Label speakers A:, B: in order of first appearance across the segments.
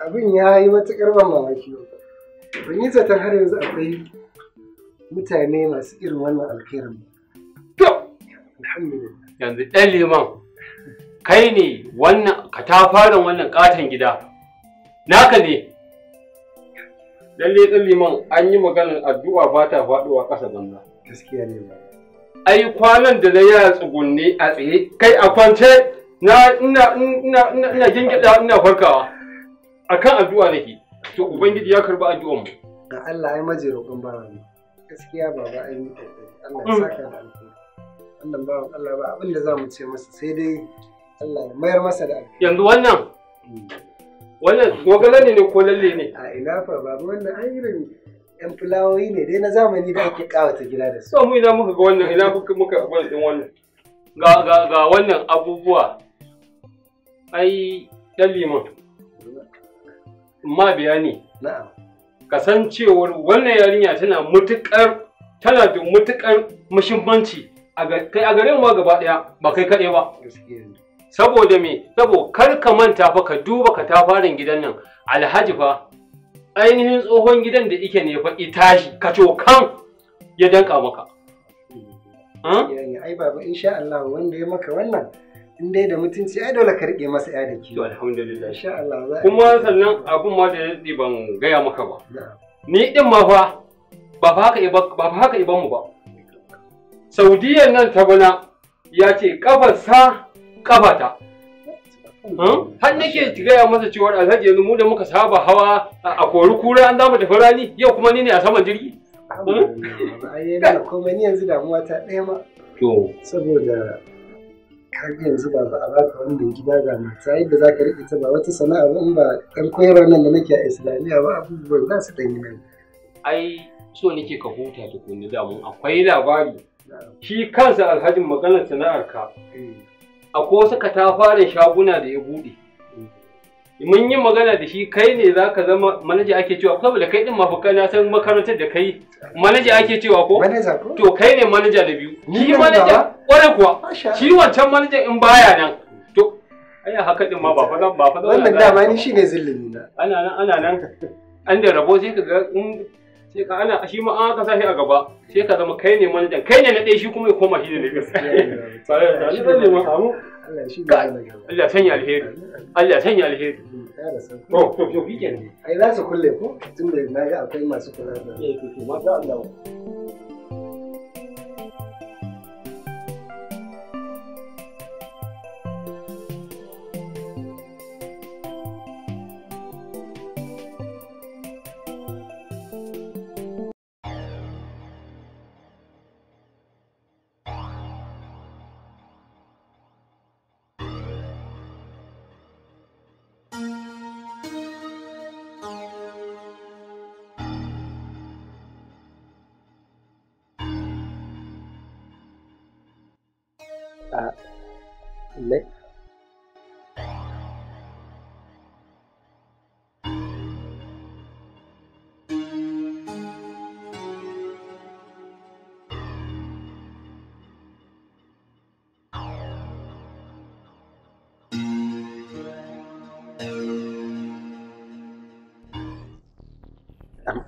A: Abin ya yi matuƙar ban mamaki. Ban yi zaton har yanzu akwai mutane masu irin wannan alkhairin ba.
B: To, alhamdulillah. Yanzu ɗan liman, kai ne wannan katafaren wannan ƙaton gida. Naka ne. Lalle ɗan liman an yi maganar addu'a ba ta faɗuwa ƙasa banza. Gaskiya ne ba. ai kwanan da na yaya tsugunne a tsaye kai a kwance na ina ina ina ina gingida ina farkawa akan addu'a nake to ubangiji ya karba addu'a mu
A: ga Allah ai maje roƙon ba ni gaskiya baba ai Allah ya mm. saka da alheri Allah ba Allah ba abin da zamu ce masa sai dai Allah ya mayar masa da alheri yanzu wannan mm. wannan gogala ne ne ko lalle ne a ina fa babu wannan ai rani yan fulawoyi ne dai na zamani da ake kawata gida da su. Samu ina muka ga wannan ina muka muka
B: wannan wannan. Ga ga ga wannan abubuwa. Ai dan limon. Ma bayani. Na'am. Kasancewar wannan yarinya tana mutukar tana da mutukar mushimmanci a kai a garin ma gaba daya ba kai kaɗai ba. Saboda me? Saboda kar ka manta fa ka duba ka tafarin gidan nan Alhaji fa ainihin tsohon gidan da ike ne fa itashi kaco kan ya danka maka
A: hmm? ai baba insha Allah wanda ya maka wannan in dai da mutunci ai dole ka rike masa ya da ke. to alhamdulillah insha Allah za a kuma
B: sannan abun ma da yaddi ban gaya maka ba ni ɗin ma fa ba fa haka iban mu ba Saudiyan nan ta bana ya ce kafarsa kafata har nake gaya masa cewa alhaji yanzu mu da muka saba hawa a kori kura an zamu tafi rani
A: yau kuma ni ne a saman jirgi kuma ni yanzu damuwa ta ɗaya ma saboda kaga yanzu ba a baka wannan gida ga mata yadda za ka riƙe ta ba wata sana'a ba in ba ɗan koyarwa nan da nake a islamiyya ba abubuwan za su ɗanyi nan
B: ai so nake ka huta tukunni damu akwai labari shi kansa alhajin maganar sana'ar ka eh. akwai wasu fara shaguna da ya buɗe mun yi magana da shi kai ne za ka zama manaja ake cewa ko saboda kai din mafuka na san makarantar da kai manaja ake cewa ko to kai ne manaja da biyu shi manaja kware kuwa shi wancan manaja in baya nan to aya haka din ma ba fa ba fa wannan dama ni shine
A: zillin na
B: ana nan ana nan an da rabo sai ka ga sai ka ana shi ma aka sa shi a gaba sai ka zama kai ne manajan kai ne na ɗaya shi kuma ya koma shi ne na biyu zan nema Allah sanya alheri Allah sanya alheri
A: to to to ai za su kulle ko na ga akwai masu kula da eh, to ma Allah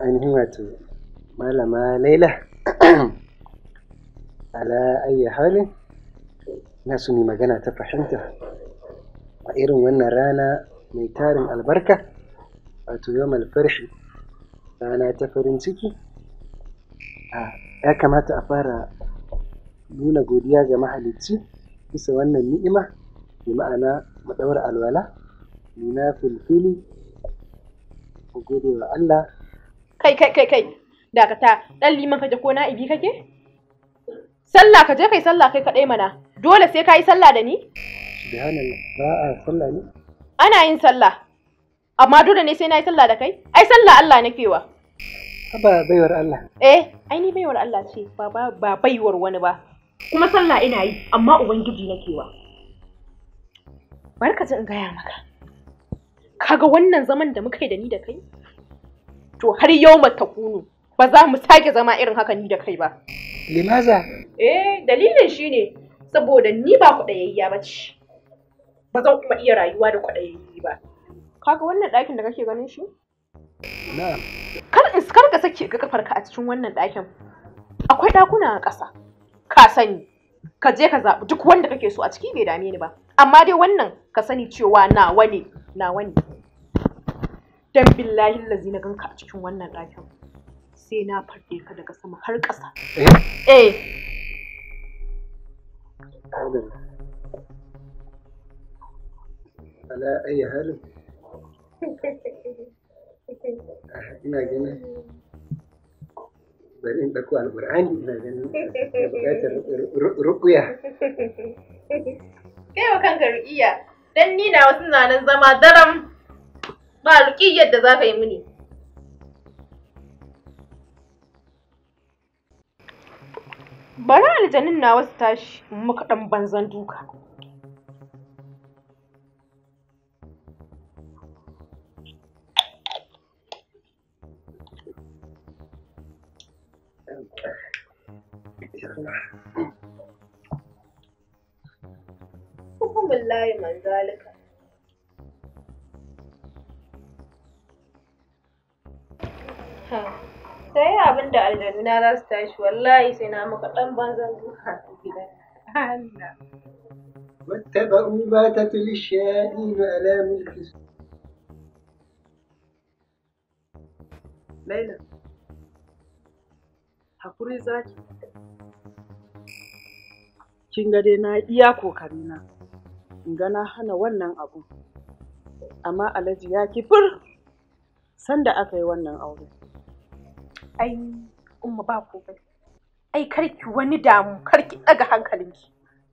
A: ainihin wato malama laila ala ayya halin na su ne magana ta fahimta a irin wannan rana mai tarin albarka wato yau malfarshi rana ta farin ciki ya kamata a fara nuna godiya ga mahalicci bisa wannan ni'ima bi ma'ana mu alwala nuna na filfili mu wa Allah kai
C: kai kai kai dakata dan liman kaje ko na ibi kake sallah kaje kai sallah kai kadai mana dole sai ka yi sallah da ni
A: subhanallah ba a sallah ne
C: ana yin sallah amma dole ne sai na yi sallah da kai ai sallah Allah nake wa
A: ba baiwar Allah
C: eh ai ni baiwar Allah ce ba ba baiwar wani ba kuma sallah ina yi amma ubangiji nake wa barka ji in gaya maka kaga wannan zaman da muka yi da ni da kai to har yau ta kunu ba za mu sake zama irin haka ni da kai ba. Limaza? Eh, dalilin shi saboda ni ba kwaɗayayya ba ce. Ba zan kuma iya rayuwa da kwaɗayayyi ba. Kaga wannan ɗakin da kake ganin shi? Na'am. Kar ka sake ga kafarka a cikin wannan ɗakin. Akwai ɗakuna a ƙasa. Ka sani. Ka je ka zaɓi duk wanda kake so a ciki bai dame ni ba. Amma dai wannan ka sani cewa nawa ne, nawa ne. dan billahi lazi na ganka a cikin wannan ɗakin sai na farɗe ka daga sama har ƙasa eh, eh.
A: ala ay halin ina ganin bari in ɗauko alƙur'ani ina ganin buƙatar ruƙuya
C: kai wa kanka ru'iya dan ni na wasu na zama daram ba ruki yadda za ka yi mini bari aljanin na wasu tashi muka ɗan banzan duka Hukumin layi manzalika. sai abin da na za su tashi wallahi sai na maka ɗan banzan zuwa a gida Allah
A: واتبعوا ما تتل الشياطين على ملك Laila, hakuri zaki.
C: Kin ga dai na iya kokarina, in ga na hana wannan abu, amma Alhaji ya kifur sanda aka yi wannan aure. ai umma ba ko bai ai ki wani damu karki daga hankalinki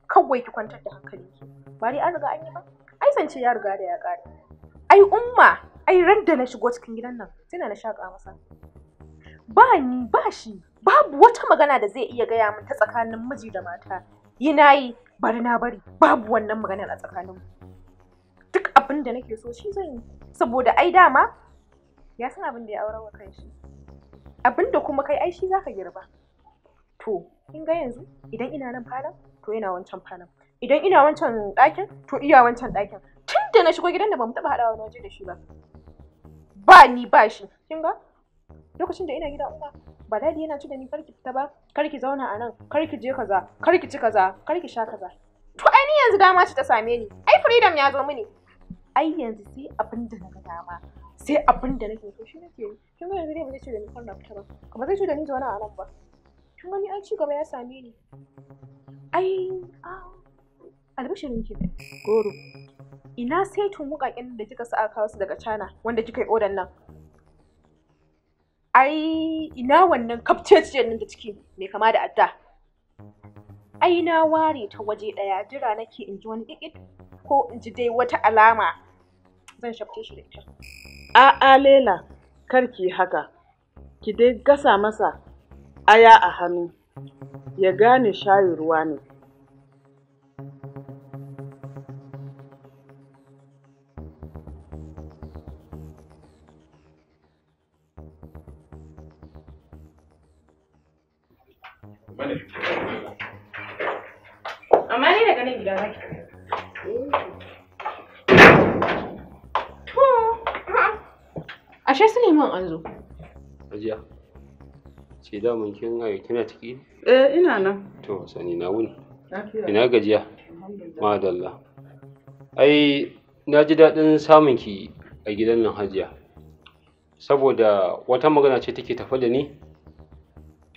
C: kawai ki kwantar da hankalinki ba dai an riga an yi ba ai zance ya riga da ya kare ai umma ai ran da na shigo cikin gidan nan tana na shaka masa ba ni ba shi babu wata magana da zai iya gaya min ta tsakanin miji da mata yi na yi bari na bari babu wannan maganar a tsakaninmu duk abin da nake so shi zan yi saboda ai dama ya san abin da ya aure wa kanshi abinda kuma kai aishi shi zaka girba to kin ga yanzu idan ina nan falon to yana wancan falon idan ina wancan ɗakin to iya wancan ɗakin tun na shigo gidan da bamu taɓa haɗawa waje da shi ba ba ni ba shi kin ga lokacin da ina gida uwa ba dadi yana ci da ni karki fita ba karki zauna a nan karki je kaza karki ci kaza karki sha kaza to ai ni yanzu dama ce ta same ni ai freedom ya zo mini ai yanzu sai abin da na ga dama sai abin da nake so shi nake yi kin ga yanzu dai ba zai ce da ni kan na fita ba kuma zai ce da ni zauna a nan ba kin gani an ci gaba ya same ni ai a albishirin ki goro ina saitin wukaken da kika sa kawo su daga China wanda kika yi odan nan ai ina wannan kafceciyar nan da ciki mai kama da adda ai na ware ta waje ɗaya jira nake in ji wani kikit ko in ji dai wata alama zan shafte shi da ita A'a Lela, kar ki yi haka, ki dai gasa masa aya a hannu, ya gane shayin ruwa ne. Amma ni daga nan gida zaki. Ashe su man an zo.
B: Ajiya. Ce da mun kin ga kina ciki? Eh ina nan. To sani na wuni. Ina gajiya. Madalla. Ai na ji daɗin samun ki a gidan nan Hajiya. Saboda wata magana ce take tafa da ni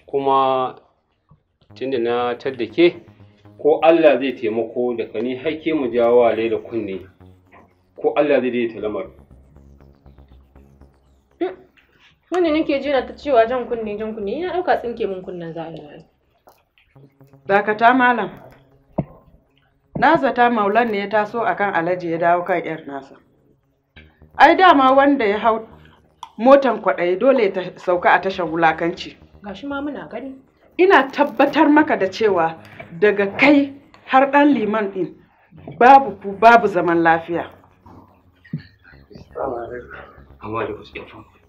B: kuma tunda na tadda ke ko Allah zai taimako da ka ni haike mu jawo wa Laila kunne ko Allah zai daidaita lamarin.
C: wanda nake jina ta cewa jan kunne jan kunne ina ɗauka tsinke mun kunnen zai
B: dakata malam
C: na zata maulan ne ya taso akan alaji ya dawo kan yar nasa ai dama wanda ya hau motan kwaɗayi dole ta sauka a tashar wulakanci gashi ma muna gani ina tabbatar maka da cewa daga kai har ɗan liman din babu ku babu zaman lafiya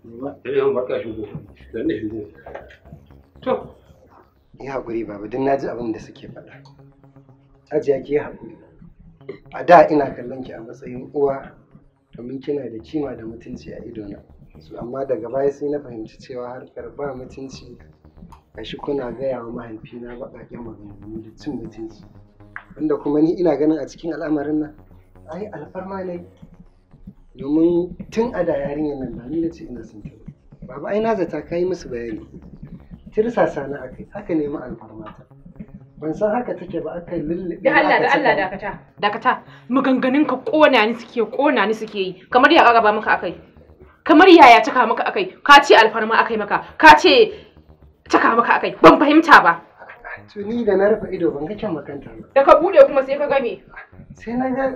A: To. Yi haƙuri baba, don na ji abin da suke faɗa. Ajiya ke haƙuri. A da ina kallon ki a matsayin uwa domin kina da kima da mutunci a idona. Amma daga baya sai na fahimci cewa harkar ba mutunci gashi kuna gaya wa mahaifina baƙaƙen maganganu da cin mutunci. Wanda kuma ni ina ganin a cikin al'amarin nan, ai alfarma ne domin tun a da yarinyar nan da nuna ce ina son ta baba ai na zata kai musu bayani tirsasa a akai aka nemi alfarma ta ban san haka take ba aka lullube da Allah da Allah
C: dakata dakata maganganun ka kona ni suke kona ni suke yi kamar ya kaga ba maka akai kamar yaya taka maka akai ka ce alfarma akai maka ka ce taka maka akai ban fahimta ba
A: to ni da na rufe ido ban ga kyan makanta ba
C: da ka bude kuma sai ka game
A: sai na ga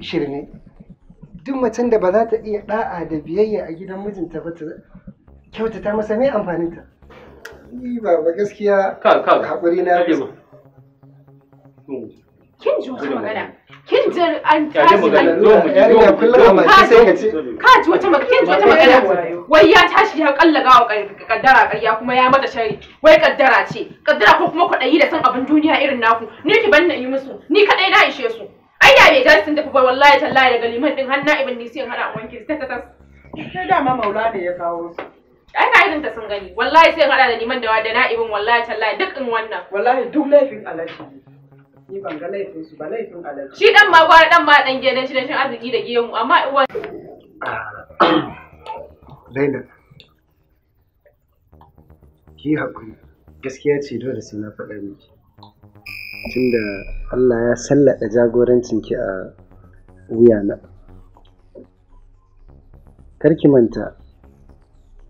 A: shirme duk macen da ba za ta iya da'a da biyayya a gidan mijinta ba ta kyautata masa mai amfaninta ni ba ba gaskiya haƙuri na fi kin ji wata magana
C: kin ji an tashi magana ka ji wata magana kin ji wata magana wai ya tashi ya kallaga wa kaddara ƙarya kuma ya mata shari wai kaddara ce kaddara ko kuma kwaɗayi da san abin duniya irin naku ni ki na yi musu ni kaɗai na ishe su ai da bai tashi sun tafi ba wallahi tallahi daga liman din har na'ibin ne sai in hada wankin, su ta ta sai dama maula ne ya kawo su ai ka irin ta sun gani wallahi sai in hada da liman da da na'ibin wallahi tallahi duk in wannan wallahi duk laifin alaji
A: ni ban ga laifin su ba laifin alaji
C: shi dan ma gwara dan ma dan gidan shi dan shin arziki da mu, amma uwa
A: Laila ah, ki haƙuri gaskiya ce dole sai na faɗa miki tunda Allah ya sallada jagorancinki a wuyana karki manta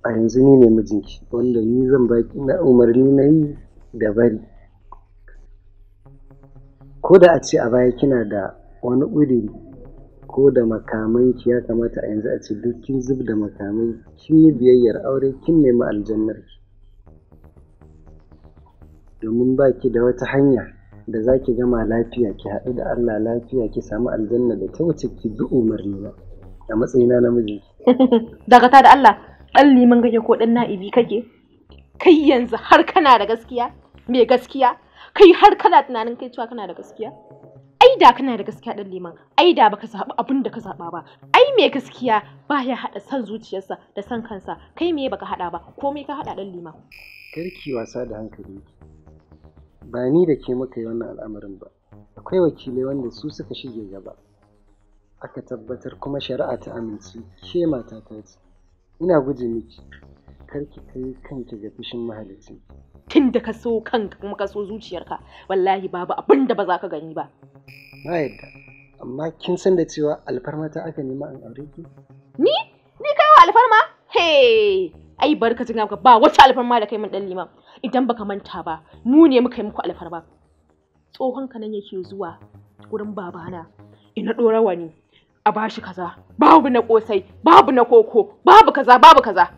A: a yanzu ni ne mijinki wanda ni zan baki na umarni na yi da bari ko da a ce a baya kina da wani ƙuri ko da makamanki ya kamata a yanzu a ce duk zub da makamai kin yi biyayyar aure kin nemi aljannarki domin baki da wata hanya da za ki gama lafiya ki haɗu da Allah lafiya ki samu aljanna da ta wuce ki bi umarni na a matsayina na miji
C: daga da Allah ɗan liman kake ko ɗan na'ibi kake kai yanzu har kana da gaskiya mai gaskiya kai har kana tunanin kai cewa kana da gaskiya ai da kana da gaskiya ɗan liman ai da baka zaɓi abin da ka zaɓa ba ai mai gaskiya baya haɗa san zuciyarsa da san kansa kai me baka haɗa ba komai ka haɗa ɗan liman
A: karki wasa da hankali ba ni da ke muka yi wannan al'amarin ba akwai wakilai wanda su suka shige gaba aka tabbatar kuma shari'a ta amince ke mata ta ce ina guje miki kar ki kai kanki ga fushin mahalicci
C: tun da ka so kanka kuma ka so zuciyarka wallahi babu abin da ba za ka gani ba
A: na yadda amma kin san da cewa alfarma ta aka nema an aure ki
C: ni ni kai wa alfarma he ai barkatin ka ba wata alfarma da kai min dan liman idan baka manta ba mu ne muka yi muku alfarma tsohon ka nan yake zuwa gurin babana ina ɗora wani a bashi kaza babu na kosai babu na koko babu kaza babu kaza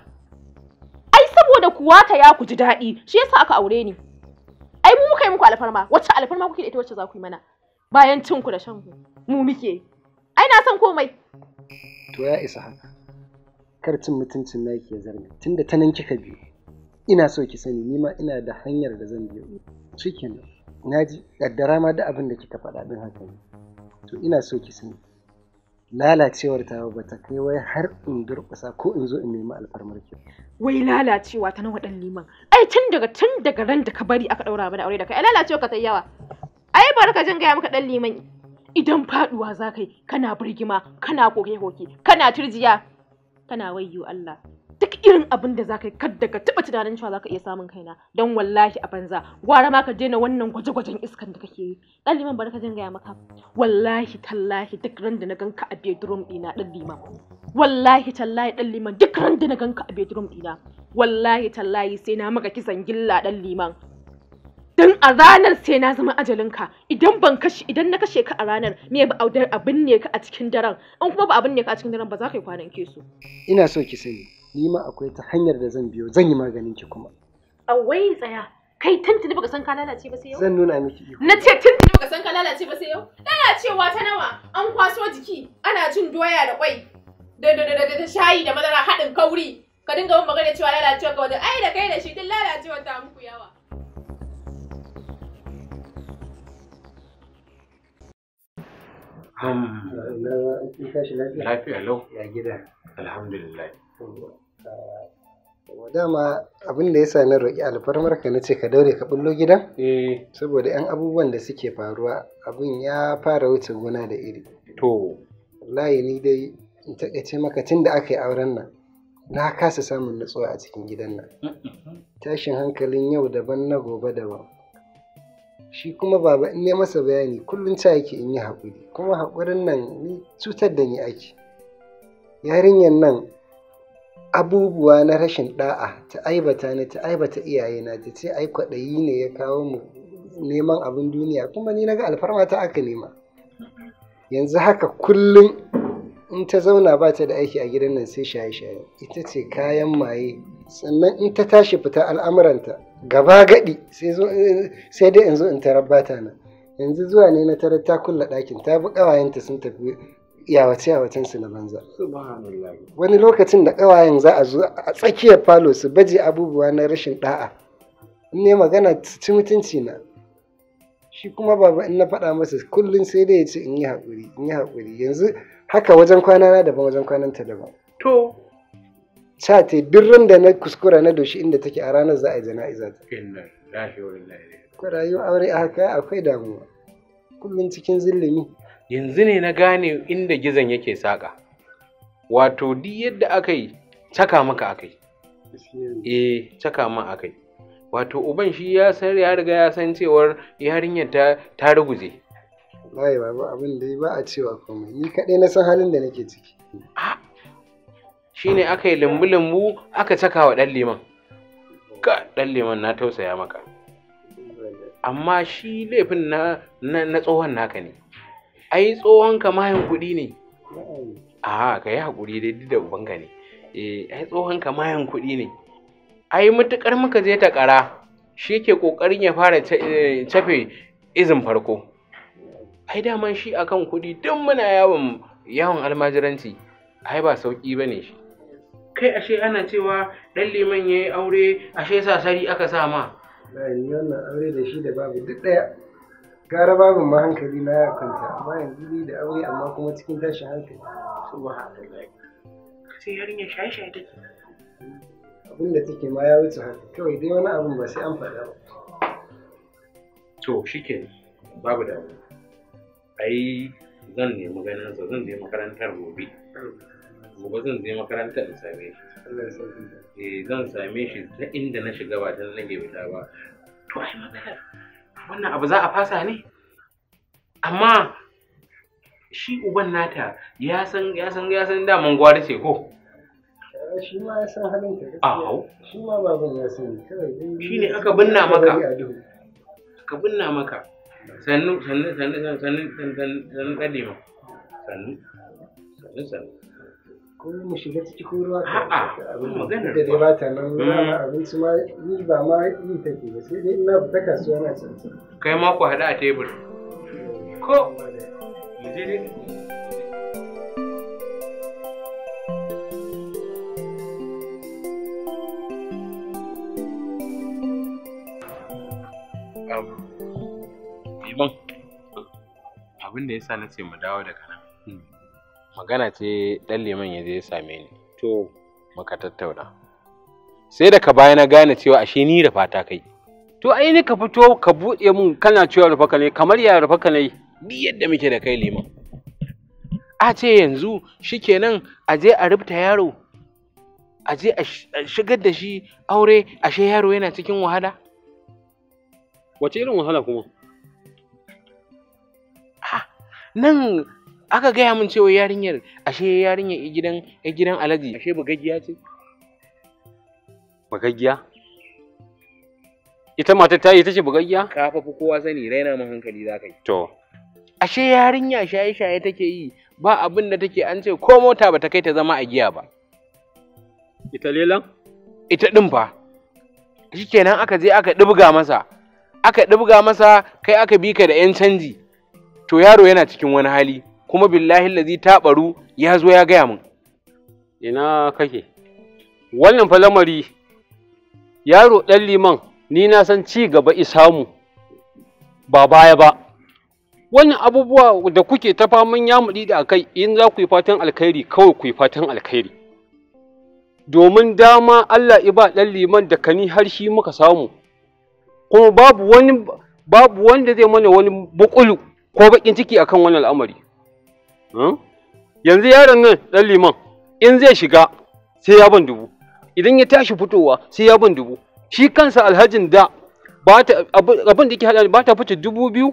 C: ai saboda kuwa ta ya ku ji daɗi shi yasa aka aure ni ai mu muka yi muku alfarma wacce alfarma kuke da ita wacce za ku yi mana bayan cin ku da shan ku mu muke ai na san komai
A: to ya isa haka kar cin mutuncin naki ya zarmi tunda ta nan kika biyu ina so ki sani ni ma ina da hanyar da zan biyo Cikin, na ji kaddara ma da abin da kika faɗa din haka ne to ina so ki sani lalacewar ta ba ta kai wai har in durƙusa ko in zo in nemi alfarmar ki
C: wai lalacewa ta nawa ɗan liman ai tun daga tun daga ran da ka bari aka ɗaura mana aure da kai ai lalacewa ka ta yawa ai ka jinga gaya maka ɗan liman idan faɗuwa za kai kana birgima kana koke-koke kana turjiya kana wayyo Allah duk irin abin da zaka yi kadda ka taba tunanin cewa zaka iya samun kaina don wallahi a banza gwara ma ka daina wannan gwaje-gwajen iskan da kake yi dan liman bari ka gaya maka wallahi tallahi duk ran da na ganka a bedroom dina dan liman wallahi tallahi dan liman duk ran da na ganka a bedroom dina wallahi tallahi sai na maka kisan gilla dan liman don a ranar sai na zama ka idan ban kashe idan na kashe ka a ranar me ba audar abin ne ka a cikin daren an kuma ba abin ne ka a cikin daren ba za ka yi kwanan ke su
A: ina so ki sani ni ma akwai ta hanyar da zan biyo zan yi maganin ki kuma
C: awai tsaya kai tuntuni baka san ka lalace ba sai yau zan
A: nuna miki iko
C: na ce tuntuni baka san ka lalace ba sai yau cewa ta nawa an kwaso jiki ana cin doya da kwai da da da da shayi da madara haɗin kauri ka dinga mun magana cewa lalacewa ka wajen ai da kai da shi duk lalacewa ta muku yawa
A: Um, lafiya lau ya gida alhamdulillah dama abin da ya sa na roƙi alfarmar ka na ce ka daure ka bullo gidan eh. saboda yan abubuwan da suke faruwa abin ya fara wuce gona da iri to wallahi ni dai in takaice maka tun da aka yi auren nan na kasa samun nutsuwa a cikin gidan nan tashin hankalin yau daban na gobe daban shi kuma baba in ya masa bayani kullum ta yake in yi haƙuri kuma haƙurin nan ni cutar da ni ake yarinyar nan abubuwa na rashin ɗa'a ta aibata ni ta aibata na ta ce ai kwaɗayi ne ya kawo mu neman abin duniya kuma ni naga alfarma ta aka nema yanzu haka kullum in ta zauna ba ta da aiki a gidan nan sai shaye-shaye ita ce kayan maye sannan in ta tashi fita al'amuranta gaba gadi sai dai in zo in tarar bata nan yanzu zuwa ne na tarar ta kulla ɗakin ta bi ƙawayenta sun tafi iyawace yawacen su na banza wani lokacin da ƙawayen za a zo a tsakiyar falo su baje abubuwa na rashin da'a in ne magana ci mutunci na shi kuma baba in na faɗa masa kullum sai dai ya ce in yi haƙuri in yi haƙuri yanzu haka wajen kwana na daban wajen kwanan ta daban to ca te birrin da na kuskura na doshi inda take a ranar za a yi jana'iza ta ko aure a haka akwai damuwa kullum cikin zillimi
D: yanzu ne na gane inda gizon yake saƙa wato duk yadda aka yi caka maka aka yi eh caka ma aka yi wato uban shi ya san ya riga ya san cewar yarinyar ta ta ruguje
A: wallahi ba abin da ba a cewa komai ni kadai na san halin da nake ciki
D: shine aka yi lambu-lambu aka caka wa ɗan liman ka ɗan liman na tausaya maka amma shi laifin na na tsohon naka ne ai tsohon ka mayan kuɗi ne a ka yi haƙuri dai duk da ubanka ne eh ai tsohon ka mayan kuɗi ne ai mutukar muka je ta ƙara shi ke ƙoƙarin ya fara eh, cafe izin farko ai daman shi akan kuɗi duk muna yawon yawon almajiranci
A: ai ba sauƙi ba ne shi
D: kai ashe ana cewa ɗan liman ya yi aure ashe sasari aka sa ma
A: wannan aure da shi da babu duk ɗaya gara babu ma hankali na ya kwanta amma yanzu dai da aure amma kuma cikin tashin hankali subhanallah sai yarinya shaye-shaye take abin da take ma ya wuce haka kawai dai wani abin ba sai an faɗa ba
B: to shike
D: babu da ai zan nemi ganin sa zan je makarantar gobe gobe zan je makarantar in same shi eh zan same shi ta inda na shiga ba ta nage fita ba to ai magana wannan abu za a fasa ne amma shi uban nata ya san ya san ya san daman gwari ce ko
A: shi ma ya san halin ka shi ma baban
D: ya san kai shi ne aka binna maka aka binna maka sannu sannu sannu sannu sannu sannu sannu sannu sannu sannu sannu
A: ko mu shiga ciki ko ruwa ka maganar da ba ta nan hmm. abinci ma ba ma yi take ba sai dai ina fita kasuwa na can
D: kai ma ku a tebur
B: ko mu je
D: abin da ya sa na ce mu dawo daga magana ce ɗan liman ya je ya same ni to muka tattauna
B: sai da baya na gane
D: cewa ashe ni da fata kai
B: to ai ni ka fito ka buɗe mun kana cewa rufa ka ne kamar ya rufa ka ne ni yadda muke da kai liman a ce yanzu
D: shikenan a je a rubuta yaro a je a shigar da shi aure ashe yaro yana cikin wahala
B: wace irin wahala kuma
D: ah, nan aka gaya min cewa yarinyar ashe yarinyar gidan gidan alaji ashe bugaggiya ce
B: bugaggiya ita mata ta ita ce bugaggiya ka fa kowa
D: sani raina mun hankali za ka yi to ashe yarinya shaye shaye take yi ba abin da take an ce ko mota ba ta kai ta zama a giya ba ita lelan ita din fa shikenan aka je aka ɗibga masa aka ɗibga masa kai aka bi ka da yan canji to yaro yana cikin wani hali kuma billahi lazi ta baru ya zo ya
B: gaya min ina kake wannan fa lamari yaro ɗan liman ni na san ci gaba isamu ba baya ba wannan abubuwa da kuke ta faman muɗi da kai, in za ku yi fatan alkhairi kawai ku yi fatan alkhairi domin dama Allah iba ɗan liman da kani har shi muka samu kuma babu wani babu wanda zai mana wani bukulu ko bakin ciki akan wannan al'amari Hmm? Yanzu yaron nan ɗan liman in zai shiga sai ya ban dubu. Idan ya tashi fitowa sai ya ban dubu. Shi kansa alhajin da abin da yake haɗa ba ta fice dubu biyu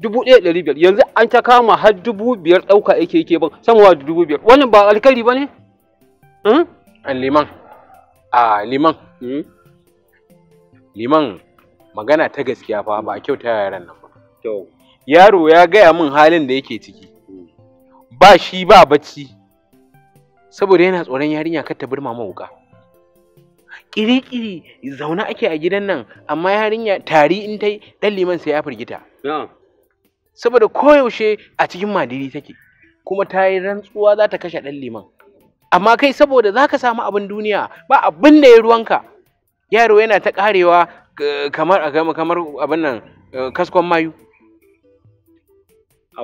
B: dubu ɗaya ɗari biyar yanzu an ta kama har dubu biyar ɗauka yake yake ban sama da dubu biyar wannan ba alkali ba ne? Hmm? liman a liman hmm?
D: liman magana ta gaskiya fa ba kyau kyauta yaran nan ba yaro ya gaya min halin da yake ciki ba shi ba bacci saboda yana tsoron yarinya kar ta mama wuka kiri-kiri zauna ake a gidan nan amma yarinya tari in ta yi ɗan liman sai ya firgita saboda koyaushe a cikin madiri take kuma ta yi rantsuwa za ta kashe ɗan liman amma kai saboda za ka samu abin duniya ba abin da ya ruwanka yaro yana ta ƙarewa eh, kamar abin nan eh, kaskon mayu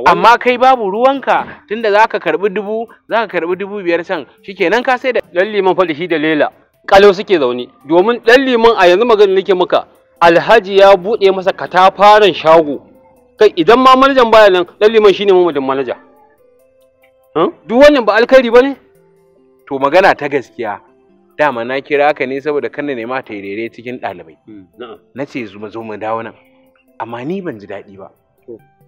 D: amma kai babu ruwanka tunda za ka karɓi dubu za ka
B: karɓi dubu biyar can Shi kenan ka sai da ɗan liman faɗi shi da lela ƙalau suke zaune domin ɗan liman a yanzu magana nake muka alhaji ya buɗe masa katafaren shago kai idan ma manajan baya nan ɗan liman shi ne mamadin manaja duk wannan ba
D: alkhairi ba ne to magana ta gaskiya dama na kira ka ne saboda kanna ne ma ta cikin ɗalibai hmm, na ce zuma zuma dawo nan amma ni ban ji daɗi ba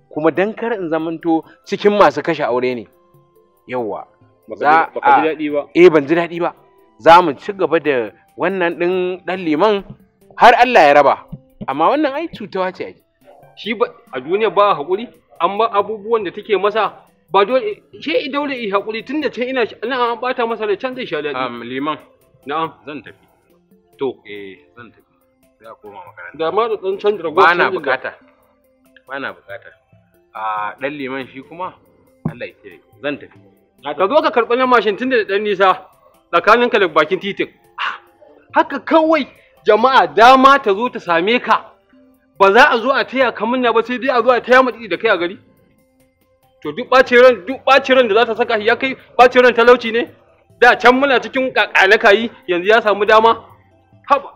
D: kuma dan kar in zamanto cikin masu kashe aure ne yawwa za a eh ban ji daɗi ba za mu ci gaba da wannan ɗin ɗan
B: liman har Allah ya raba amma wannan ai cutawa ce ai shi ba a duniya ba haƙuri amma abubuwan da take masa ba dole she dole yi haƙuri tun da can ina ina an bata masa da can zai sha daɗi liman na'am zan tafi to eh zan tafi
D: za koma makaranta
B: da ma da dan can ba na bukata ba na bukata a dan liman shi kuma Allah ya kire zan tafi ka zo ka karɓi nan mashin tun da ɗan nisa tsakanin ka da bakin titin
A: haka kawai
B: jama'a dama ta zo ta same ka ba za a zo a taya ka munna ba sai dai a zo a taya mutu da kai a gari to duk ɓacin ran duk ɓacin ran da za ta saka shi ya kai ɓacin ran talauci ne da can muna cikin kakalakayi yanzu ya samu dama haba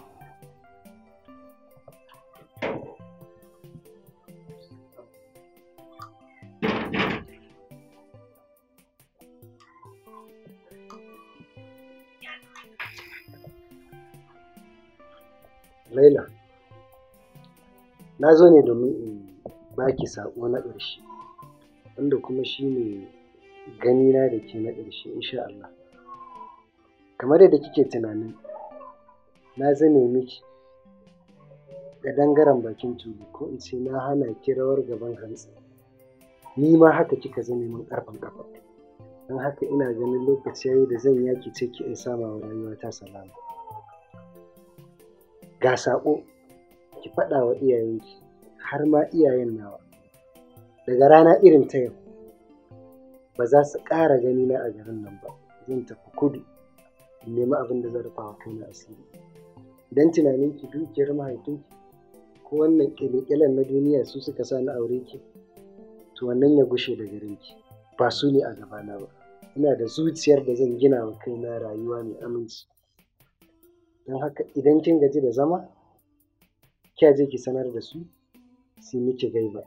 A: Laila, na zo ne domin in baki saƙo na ƙarshe, wanda kuma shi ne ganina da ke na ƙarshe, insha Allah. Kamar yadda kike tunanin, na zane miki da dangaren bakin tudu ko in ce na hana ki rawar gaban hantsi. Ni ma haka kika zame min ƙarfin ƙafa. Don haka ina ganin lokaci yayi da zan yaki ce ki in sama wa rayuwata salama. ga saƙo ki faɗa wa iyayenki har ma iyayen nawa daga rana irin ta yau ba za su ƙara gani na a garin nan ba zan tafi kudu in nemi abin da zai rufa wa kaina asiri idan ki dukiyar mahaifinki ko wannan ƙyale na duniya su suka sa na aure ki to wannan ya gushe da garin ki ba su ne a gabana ba ina da zuciyar da zan gina wa kaina rayuwa mai aminci don haka idan kin gaji da zama kya je ki sanar da su su yi miki gaiba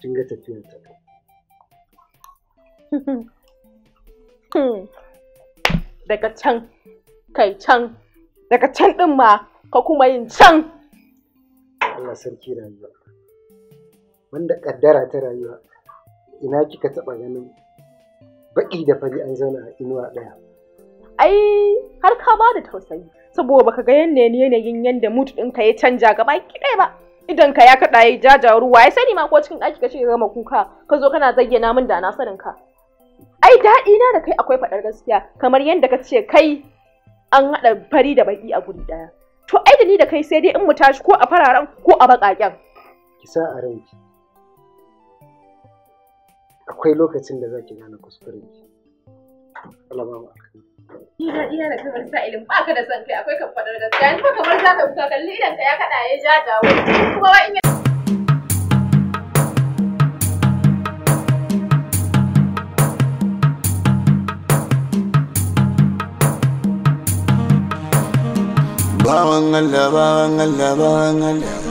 A: kin ga tafiyar ta
C: daga can kai can daga can din ma ka kuma yin can
A: Allah sarki rayuwa wanda kaddara ta rayuwa ina kika taba ganin baki da fari an zauna a inuwa ɗaya
C: ai har ka ba da tausayi saboda baka ga yanda ne yanayin yanda mutu ɗinka ya canja gaba ɗaya ba idan ka ya kaɗa ya jaja ruwa ya sani ma ko cikin ɗaki ka ce gama kuka ka zo kana zayyana min da na sanin ka ai daɗi na da kai akwai faɗar gaskiya kamar yadda ka ce kai an haɗa fari da baki a guri ɗaya to ai da ni da kai sai dai in mu tashi ko a fararen ko a baƙaƙen
A: ki sa a ranki akwai lokacin da zaki gane kuskuren ki Allah ba
C: Ina iya da kasar sa'ilin ba da son akwai kan gaskiya kamar za ka kalli idan ka ya kaɗa ya ja
B: Allah, bawan Allah, bawan Allah.